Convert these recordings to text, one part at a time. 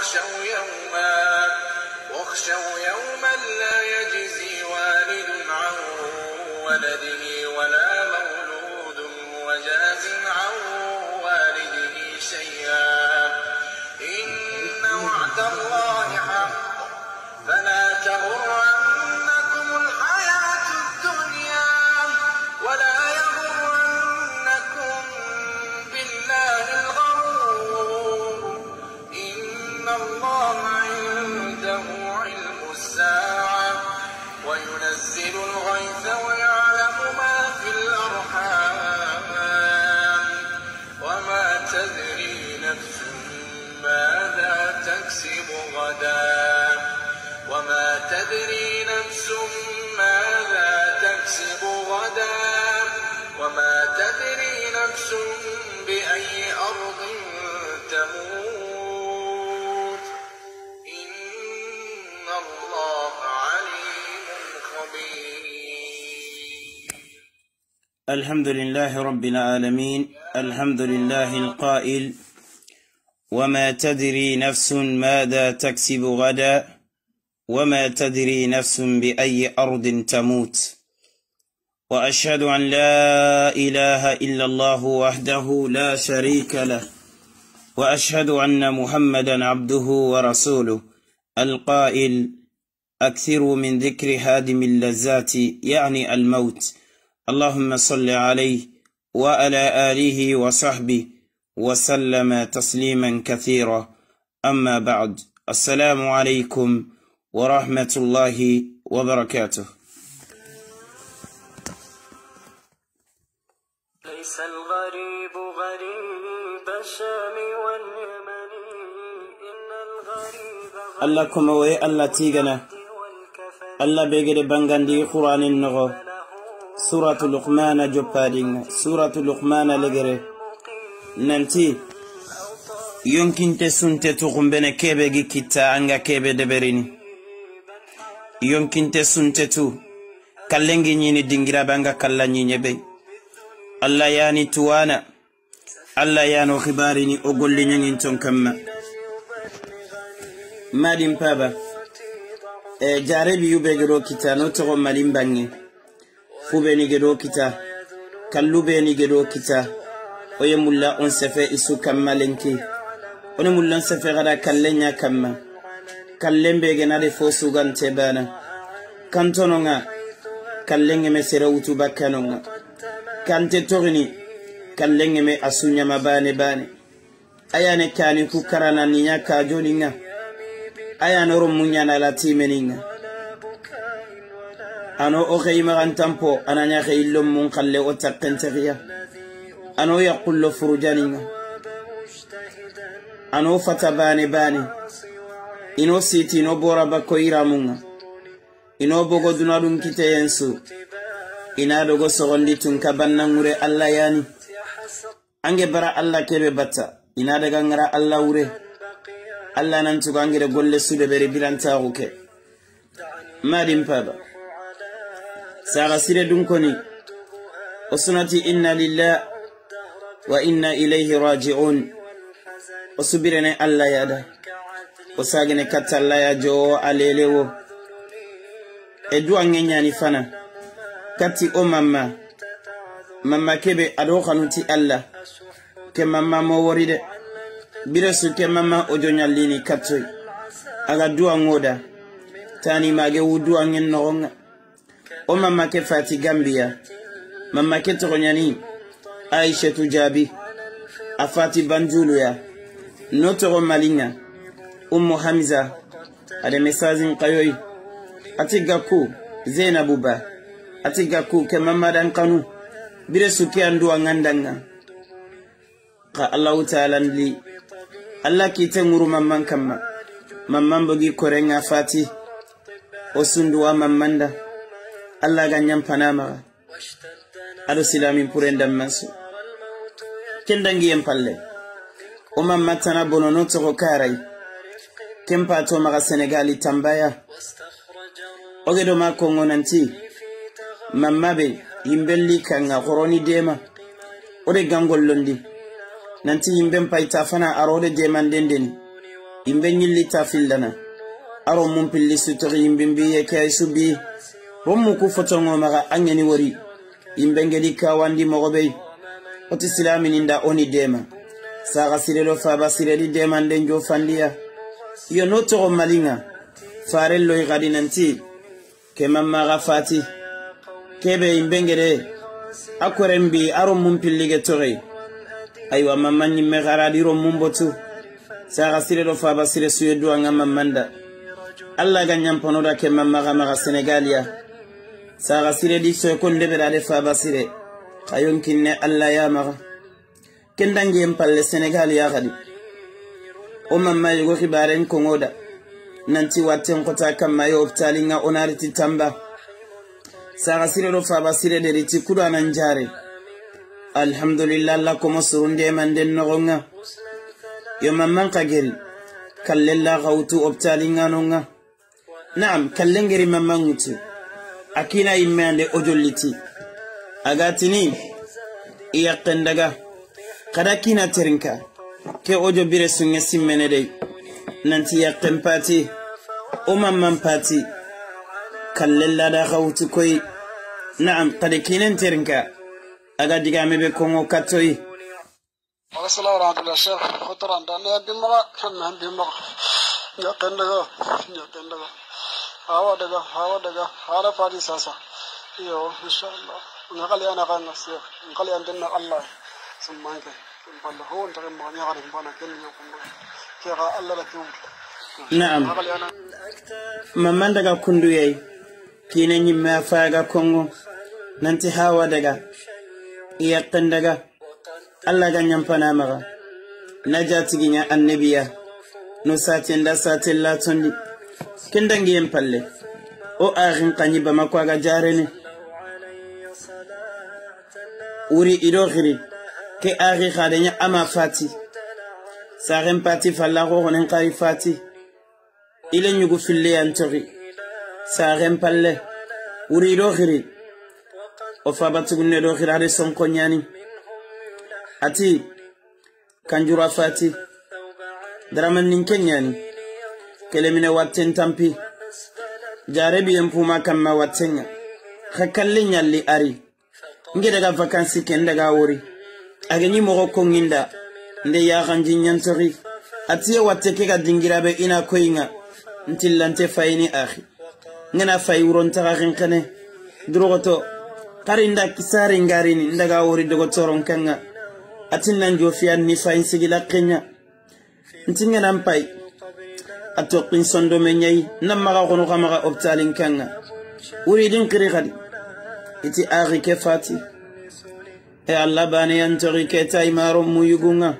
واخشوا يوما واخشوا يوما الحمد لله رب العالمين الحمد لله القائل وما تدري نفس ماذا تكسب غدا وما تدري نفس بأي أرض تموت وأشهد أن لا إله إلا الله وحده لا شريك له وأشهد أن محمدا عبده ورسوله القائل أكثروا من ذكر هادم اللذات يعني الموت اللهم صل عليه وعلى آله وصحبه وسلم تسليما كثيرا أما بعد السلام عليكم ورحمة الله وبركاته ليس الغريب غريب الشام واليمن إن الغريب غريب الله كما تيغنا الله بيغري دي قرآن النغو suratu luqmana joppaɗinga suratu luqmana legere nanti yonkinte sunte tuxunbene kebe gi kitta anga kebe deberini yonkinte sunte tu kallengi nyini dingiraɓe banga kalla ñiñe ɓey allah yani tuwana allah yano hibarini o golli ñangin ton kamma maɗin paba e eh, jarebi yuɓegeɗo kitta no toxo malin bange ni gedo kita ni gedo kita oye mulla on sefe isu kamma lenki oni on sefe gada kallenya ya kamma kallen de fo gante bana kantonoga kallen geme sere wutu nga kante torini kallen me asunya mabane bane ayane kani ku karananiya nga ayane rommuñanalatimeninga ano o xey maxan tanpo ananya xeyillon mun xalle o taqentexiya ano yaqullo furujaninga ano fata bane bane ino siti ino bora bakko iramunga ino bogo duna ɗum kiteyensu ina dogo sogondi tun ka bannangure allah yani ange bara allah keɓe batta ina daga ngara allah wure allah nantugo da golle suɓe ɓere bilantaxu ke maɗin paba saka sire ɗum koni o sunati inna lillah wa inna ilayhi rajiun o subirene allah yaada o sagene kattallaya jowo alele wo e duwa geñani fana katti o mamma mamma keɓe aɗo xanuti allah ke mamma mo wori de ɓire su ke mamma o joñallini kattoy aga duwa goda tanimage wu duwa gen noxonga o mamakɛ fati ganbiya mamakɛ tɔgɔɲani aishatu jaabi a fati banjuluya no tɔgɔ maliya umu hamza ada mesazin kayoyi ati gaku, zeinabu ba ati gakku ke mamadan kanu bire sukiyan duwa ngandanga ka allahu taala li te kite mama mamman kamma mamman bogi korenga fati o sunduwa mammanda allah ganñam panamaga aɗo silamin pour en dammansu ken dangiyen palle o mamma tana bonono togo karay ken pato maga senegali tambaya oge ɗo ma kongo nanti mamma ɓe yimbelli kanga horoni dema ode londi. nanti yimɓen payta fana arode demanden deni yimɓen yillita fillana aro mun pilli sutogi yimɓe mbiye ke su biye hommu ku fotorgo maga a ɲani wori imbengedi kawandi mogobe oti silamininda oni dema saga sirelo faba siredi demanden jo fandiya iyo no togo malinga farelloyi gadi nanti keman maga fati kebe in imbengede a koren bi a romun pillige toge ayiwa mamman ɲimme garadi romun botu saga sirelo faba sire suye duwanga mammanda allah ga ɲampanoda keman maga maga senegaliya saga sire di so konde da dade fa basire kayon kinne alla ya maga kendangi en palle senegal ya gadi o mamma yugo xibaren kongoda nanti watten xota kamma yo optalinga onariti tamba saga sire do faba sire ci kudo nan jare alhamdulillah e man den no nga yo mamman xa geri kallella xawutu optalinga nonga naam kallengeri mamman ŋutu akina yimmande o jolliti agatini iyakken daga kada kina terinka ke o jobbire sunge simmene dey nanti yakken pati o mamman pati kallellada hawtu koy naam kada kinen terinka aga digame be kongo kattoyi wagasalamu rahmatullah sheekh hotorandane bimaga fannahan bimaga yakken daga yakken daga hawa daga hawa daga fadi sasa iyo insha Allah kan dinna Allah sun manke balla ho bana kuma ke ga Allah da na'am mamman daga kundu yayi kinan yin ma faga kongo nanti hawa daga iyaqan daga Allah ga nyamfana maga najati ginya annabiya no satin da satin latondi yin palle o ba makwa ga jare ne wuri ido xiri ke axi xadeña ama fati sarin pati falla ko xoxonen kai fati ile ñugu filleyantoxi sarin palle wuri ido xiri o fa fabatugunne do son ko nyani. ati kanjura fati daramannin nyani. kelemine watten tampi jarebiyen puma kamma wattenga ka kalli ñalli ari nge daga vakansi ken daga wori ageni ko nginda. nde yaxanji ñansoxi atiye watte ke ga dingirabe ina koyinga ntillante fayini axi ngana fayi wurontaxa xenxene duroxoto xari nda kisari ngarini ndaga wori dogotoron kanga atin nan jofiyan ni fayin sigila kenya ntingenan payi a toqin sondo me nyai nan maga xono xa maxa optalin kanga din kiri xadi iti ari ke fati e allah baneyantoxi ke marum mu yugunga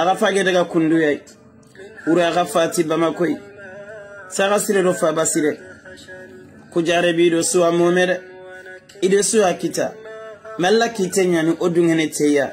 aga fage daga yai. uri aga fati bamakoy saga sire do ku jare bi do suwa momere ido suwa kita malla kite nyani o teya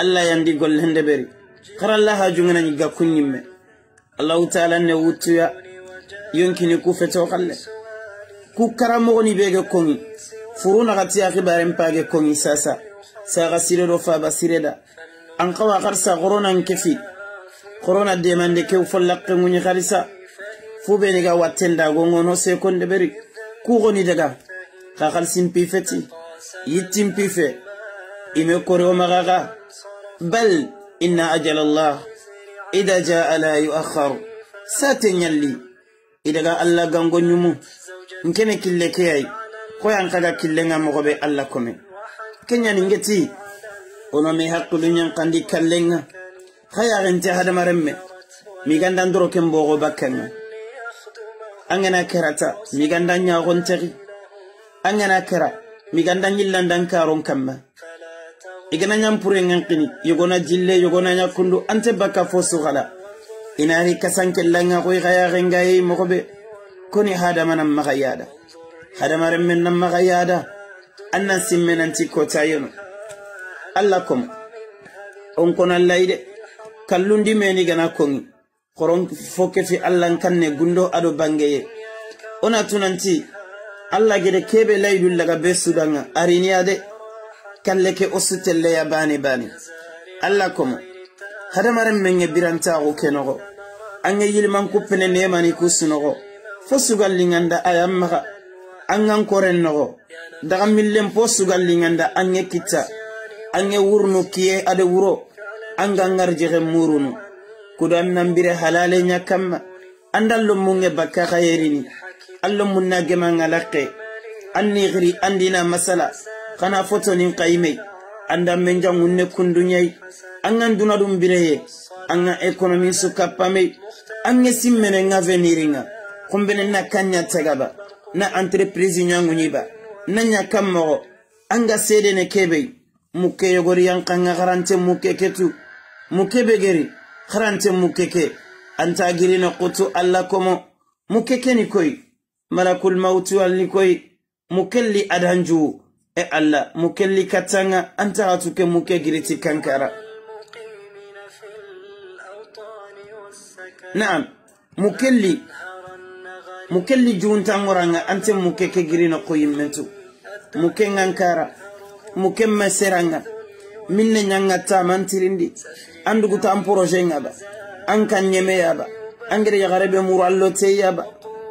allah yandi gol hendeberi xara ha jungana ñigga kunñimme ta taala ne yonki yonkini ku fetewo kalle ku ni bege kongi furu gati a xibaren mpage kongi sasa saxa sire do faba da. an xawa nkefi xoronan de mande ke kew fo muni kharisa fu ni ga ngono se konde beri ku goni daga xa xalsinpi pifeti yittinpi fe ime kore o bal inna ajala allah ida jaa la yu'akhkharu satin yalli ga allah gangonyumu nkene kille ko yan kaga killenga mogobe allah kome ni ngeti ono me hakkulu ñankandi kallenga mi hadamarenme migandan doro ken bogo bakkanga an gana kerata nya ñaxontexi an gana kera migandan yillandan karon kamma igana nyampure ngankini yogona jille yogona nyakundu ante baka fosu sugala inari kasanke langa koy gaya rengayi mokobe koni hada manam magayada hadama remmen nan magayada annan simmen anti ko yono allakum on kono layde kallundi meni gana kongi koron foke fi allan kanne gundo ado bangeye ona tunanti alla gede kebe laydul laga be sudanga ariniyade kalleke o ya bani bani Allah komo hadamaren men ye birantaxu ke noxo an ye yiliman kuppene nemani ku sunoxo fo sugallinganda a yan maxa an koren nogo daga po sugallinganda an ye kitta an ye wurunu kiye ade wuro an gan murunu kudo an bire halale ɲa kanma an dan lomun ye bakka xa yerini an lomun na geman ŋalaxe an an dina masala kana foto fotonin kaime anda menja munne kundunyai anga nduna dum bireye anga ekonomi su kapame anga simmene nga veniringa kumbene na kanya tagaba na entreprise nyangu nyiba na nyakamo anga sede ne kebe muke yogori yanka nga garante muke ketu muke begeri garante muke ke anta na kutu alla komo muke ke ni koi malakul mautu al ni koi mukelli adanju e alla muke likatanga antara tuke muke giriti kankara na'am mukelli mukelli juntangoranga ante muke ke girina koyimmentu muke ngankara muke meseranga minne ñanga tamantirindi anduguta an projet ngaba an kan ñemeyaba angere yagarebe muru allo teyaba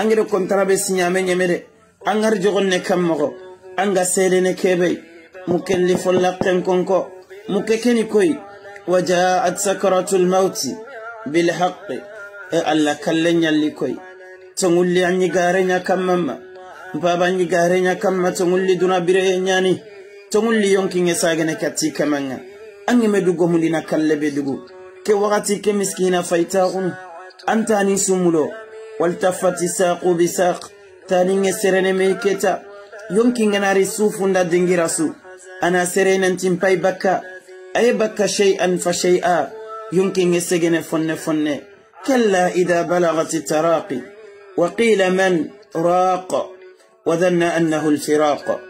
angere contrat be siñame ñemede an gar jogonne kam mogo an anga sedene kebe mukellifo lakken mu muke keni koy wa jaat mauti lmauti bilhaqi e allah kalle ñalli koy to ngulli a ñigareña kammamma mpaba ñigareña kamma to ngulli duna bire ne e ñani to ngulli yonkinge sagene an kamanga angeme dugo na kalle bai dugu ke wakati ke miski na an faytaxunu antani sumulo waltafati saqu bisaq taninge serene mei keta يمكن أن أرسوف ندنجي رسو أنا سرين أنتم باي بكا أي بكا شيئا فشيئا يمكن يسجن فن فن كلا إذا بلغت التراقي وقيل من راق وظن أنه الفراق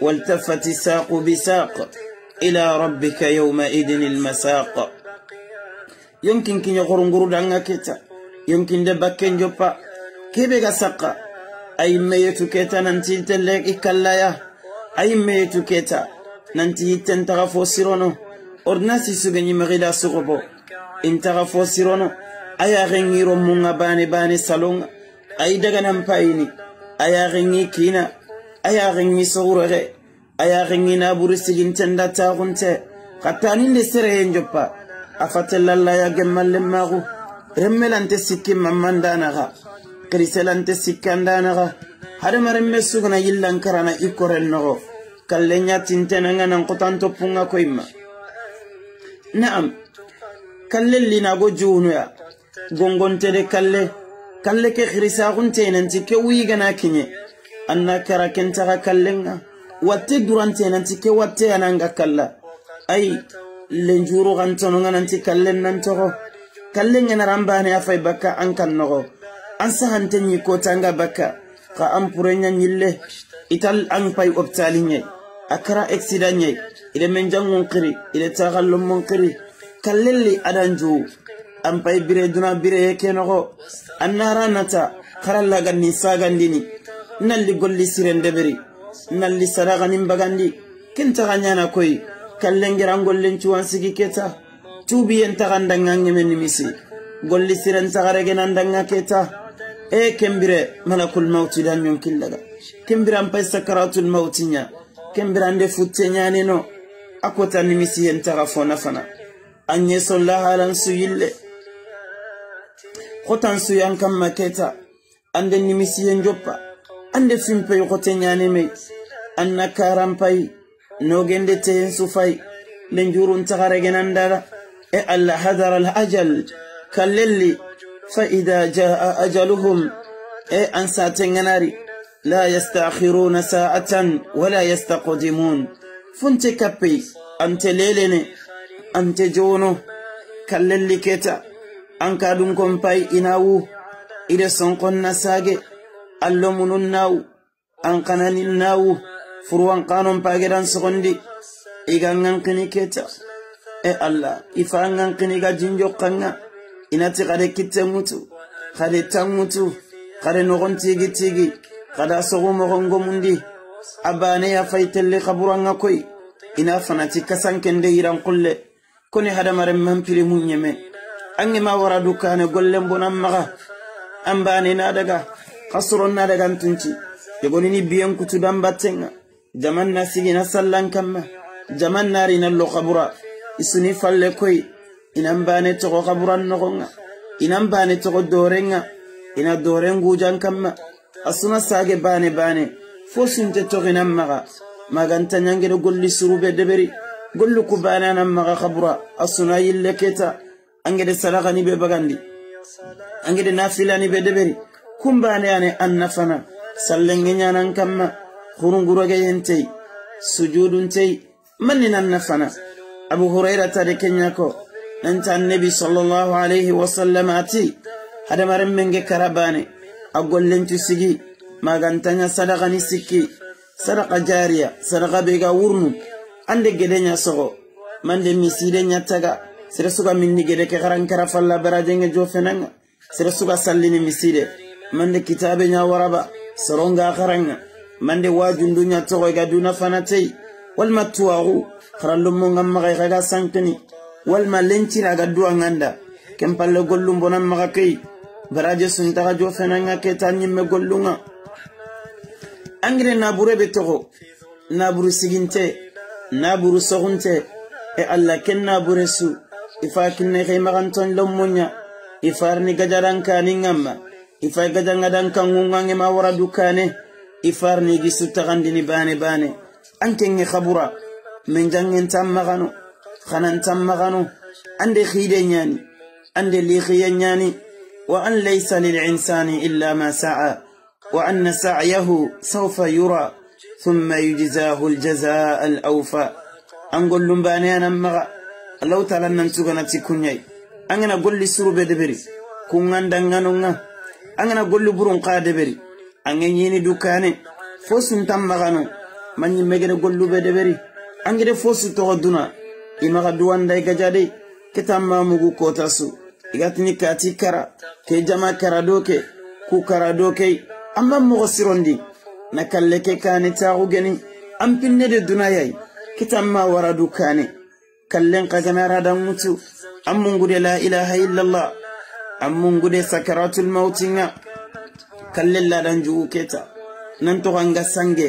والتفت الساق بساق إلى ربك يومئذ المساق يمكن كن يغرنغر غرود كتا يمكن دبكن جبا كيف سقا ayimme yetu keta nanti hitten leeki kallaya ayimme yetu keta nanti hitten taga fo sirono ordinasi suge ñimexida sogobo in taga fo sirono a yaxen iro munga bane bane salonga ayi daganan payini a yaxen kina kiina a yaxen i soxuroxe a yaxen i naburi siginten da taxunte xattanin de sereye njoppa a fatellalaya gemmallen maxu remmelante sikki mammandanaxa kiriselante sikkandanaxa yi sugana yillankarana i koren noxo kalle ɲatintenanga nan xotan toppunga koyima naam kalle linago junuya gongontede kalle kalle ke xirisaxuntenanti ke wuyigana kiɲe anna kara kentaxa kallenga watte durantenanti ke watteyananga kalla ayi lenjuru xantononga nanti kallen nantoxo kallengenaran bane a fay bakka an kan nɔgɔ. an yi ko tanga baka ka an purenya ñille ital an fai pay yai a kara accidañey ide men idan kiri ide taxal lommon kiri kallelli adan jowu an fai bire duna ya ke nako an nara nata gandi ni sagandini nalli golli siren deberi nalli sadaxanin bagandi ta kentaxa na koyi kallengeran gollen cuwan sigi keta tubiyen taxan danga ŋemen nimisi golli siren taxaregenan danga keta e kembire malakul mauti dan yon killaga kembire an sakaratul mauti nya kembire ande futte nyane no akota nimisi yen taga fona fana an ye solla halan su khotan su yan kam maketa ande nimisi yen joppa ande fimpe yokote nyane me anna karan no gende teyen su fay len jurun tagare genan e alla hadara al ajal kallelli Fa'idaa ja a ajaluhum. E an sa-tangana la yasta haƙuru na sa a tan wala yasta ko da mun. Funte kappai, an te lele ne, an te jo no. an kaɗunkon pai ina wu? I son kon na sa ke? An kana nin na wu? Furu an kanun kini ke E Allah i fa gan kini ka inati kade kitte mutu kade tan mutu kade nogon tigi tigi kada sogo mogon gomundi abane ya faitelli kaburanga koy ina fanati kasankende yiran kulle kone hadamare mampiri mun yeme an yi mawara dukane gollen mbona maga an na daga kasuron na daga ni biyan kutu dan jaman na sigi na sallan kamma jaman na rinan lokabura isuni falle inan bane togo kaburan nogonga inan bane togo dorenga ina doren gujan kamma asuna sage bane bane fo sinte toginan maga maganta ñangeɗo golli surube deɓeri golli ku bananan maga kabura asuna yille keta angeɗe salakani be bagandi angeɗe ni be deɓeri kumbane ane an nafana sallenge ñanan kamma hurunguroge yentey sujudun tey manninan nafana abu hurairata de kenya ko nanti annabi sallallahu wa wasallam ati hadamaren menge karabane a gollencu sigi magantanya ni sikki sadaka jariya sadaka bega wurnu ande man de mande nya taga sere suga minni gede ke karan kara falla barajenge jofenanga sere suga sallini miside de kitabe nya waraba soronga man de wajundu nya togo ga duna fanatei wal matuwaru karallum mo ngam magay ga sankini walma lencina ga duwa nganda ken palle gollum bonan maga kei baraje sunitaga jo ke keta nyimme gollunga na bure be togo buru siginte buru sogunte e allah ken bure su ifa kinne xei ni lommoña ka ni ŋamma ifa gajangadan kangungange ma wara dukane ifarni gi suttaxandini bane bane anken ŋe xabura men jangen tan maxano خنان تمغنو عند خيدنيان عند ليخينيان وأن ليس للإنسان إلا ما سعى وأن سعيه سوف يرى ثم يجزاه الجزاء الأوفى أنقول لنبانيانا مغا الله تعالى ننتغنا تكونيي أننا قل لسروب دبري كونغان دنغانونا أننا قل لبرنقا دبري أننا يني دوكاني فوسن تمغنو من يمغن قل لبدبري أنجد فوسن تغدنا imaka duwan dai gajade ma mugu kotasu igatini kati kara ke jama kara doke ku kara doke amma mogo sirondi na kalle ke kani ku gani. an pinne de dunayai ma wara du kane kallen kaganaradam mutu an de la ilaha illallah an mungude sakaratul mautinga kallen ladan jugu keta nan toxanga sange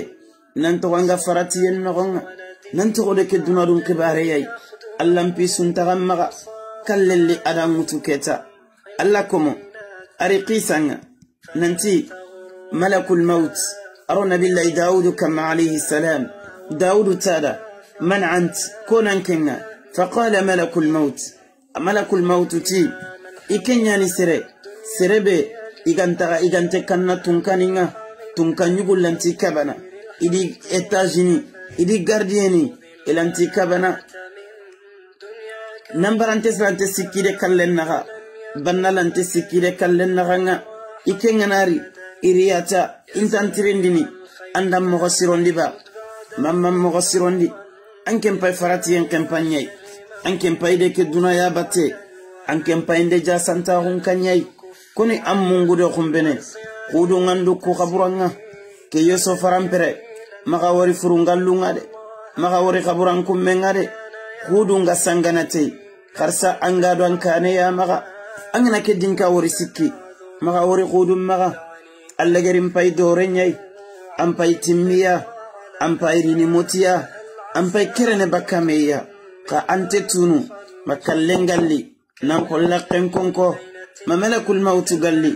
nan toxanga faratiyen noxonga nanti gode ke dunadun kibareyai allanpi suntagan maga kallelli adanŋutu keta alla komo ari kisanga nanti malakul maut aro nabillahi daudu kama alayhi salam daudu tada man ant konan kenga faqala malakul maut malakul mautu ti i kenyani sere sere serebe igantaga igante kanna tunkaninga tunka lanti kabana idi etagini idi gardiyeni ilanti kabana nambarante silante sikkide kallen naxa bannalante sikkide kallen nga i kenganari iriyata intantirindini andan moxo sirondi ba manman moxo sirondi an kenpai faratiyen kenpanɲai an kenpai de ke dunaya batte an kenpainde jasantaxun kanɲai koni an mungude xunbene xudungan du ku xaburanga ke yoso faranpere maga wari furungallunga de maga wari kaburan kummenga de hudunga sanganate karsa anga do ankane ya maga angana ke dinka wari sikki maga wari hudun maga alla gerin pay doren yai an pay timmiya an pay rini motiya an pay kerene bakameya. ka ante tunu makallen galli nan kollaken konko mamalakul mautu galli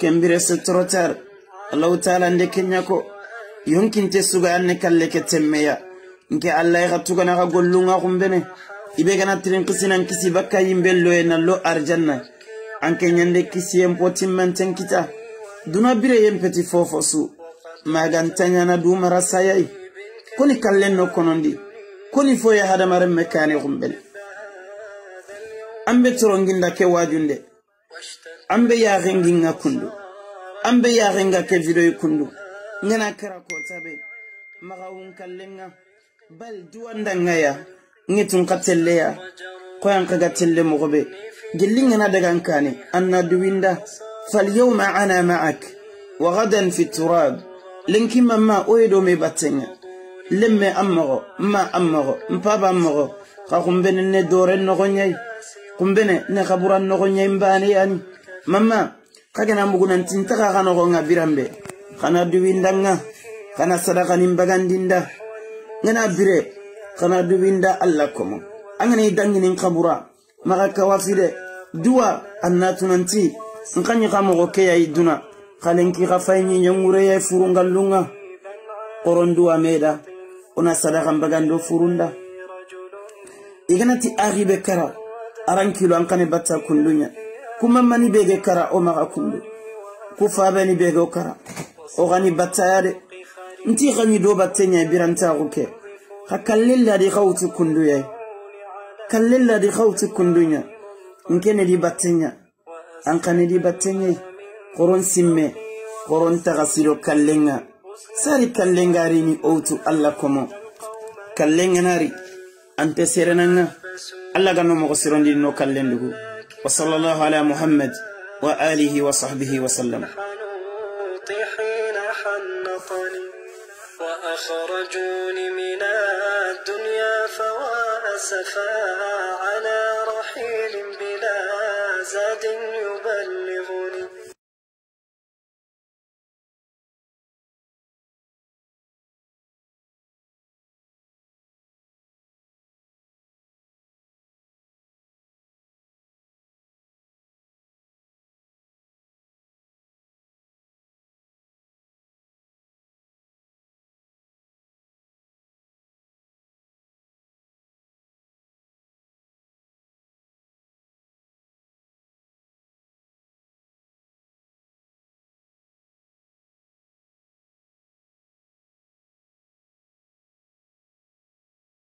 kembire se trotar allahu taala nde ko. yonkin te suga yanne kalle ke temmeya nke allah ixa tuganaxa gollunga xumbene ibe gana tirin kisina kisi bakka yimbelloye nallo arjanna anke ñande kisiyen potimmanten kita duna bireyen peti fofo su du mara sayayi koni kalle no konondi koni foye hadamaren me kane xumbene an be toronginda ke wajunde an ya yaxenginga kundu an ya ringa ke vidoyi kundu nyana kira kota be magawun kallin ya bal duwanda ngaya ngi tun ka telle ya ko yan kaga telle mo be gillin yana daga nkane anna duwinda fal yawma ana ma'ak wa gadan fi turab linki mamma oyedo me batenya lemme ammago ma ammago mpaba ammago ka kumbene ne dore nogonyai kumbene ne kabura nogonyai mbane yani mamma kagana mugunantinta kaga nogonga birambe kana duwindanga kana sadakanin bagandinda ngana bire kana duwinda allah komo angani danginin kabura maga kawafide duwa annatunanti nkanyi ka mogo ke yayi duna kalenki ka fayinyi yengure yayi furungallunga koron duwa meda ona sadaka bagando furunda iganati agibe kara arankilo ankane batta kundunya kuma mani bege kara o maga kundu kufabeni bege o kara ogani battaya nti xañi do batte ñay birantaxu ke xa kallilladi xawuti kallilla di xawuti kunduña nkene di batteña an xane di batteñay xoron simme xoron taxasiro kallenga sari kallengarini owtu alla komo kallenganari ante serenanga alla gano no moxo sirondini no kallendugu wa sallallahu ala muhammad wa alihi wa sahbihi wa sallam أخرجوني من الدنيا فوا أسفا على رحيل بلا زاد يبلغ